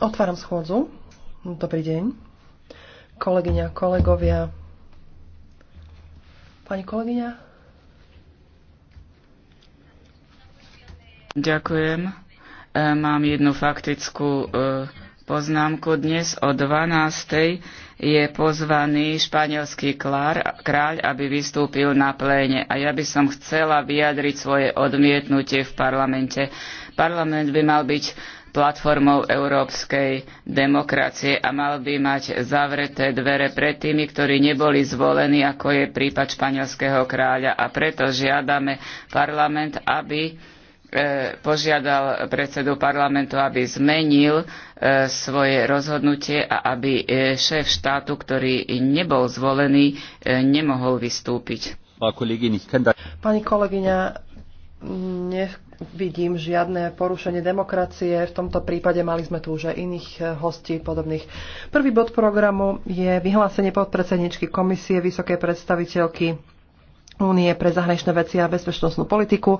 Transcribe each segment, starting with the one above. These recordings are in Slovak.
Otváram schôdzu. Dobrý deň. Kolegyňa, kolegovia. Pani kolegyňa. Ďakujem. E, mám jednu faktickú e, poznámku. Dnes o 12. je pozvaný španielský kráľ, aby vystúpil na pléne. A ja by som chcela vyjadriť svoje odmietnutie v parlamente. Parlament by mal byť platformou európskej demokracie a mal by mať zavreté dvere pred tými, ktorí neboli zvolení, ako je prípad španielského kráľa. A preto žiadame parlament, aby E, požiadal predsedu parlamentu, aby zmenil e, svoje rozhodnutie a aby e, šéf štátu, ktorý nebol zvolený, nemohol vystúpiť. Pani kolegyňa, nevidím žiadne porušenie demokracie. V tomto prípade mali sme tu už aj iných hostí podobných. Prvý bod programu je vyhlásenie podpredsedničky komisie vysokej predstaviteľky Únie pre zahraničné veci a bezpečnostnú politiku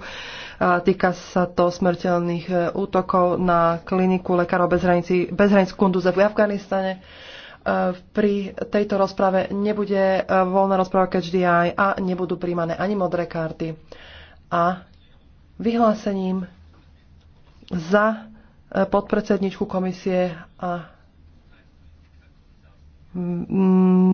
Týka sa to smrteľných e, útokov na kliniku Lekárov bez hraníc, bez hranic Kunduze v Afganistane. E, pri tejto rozprave nebude e, voľná rozpráva KHDI a nebudú príjmané ani modré karty. A vyhlásením za podpredsedničku komisie a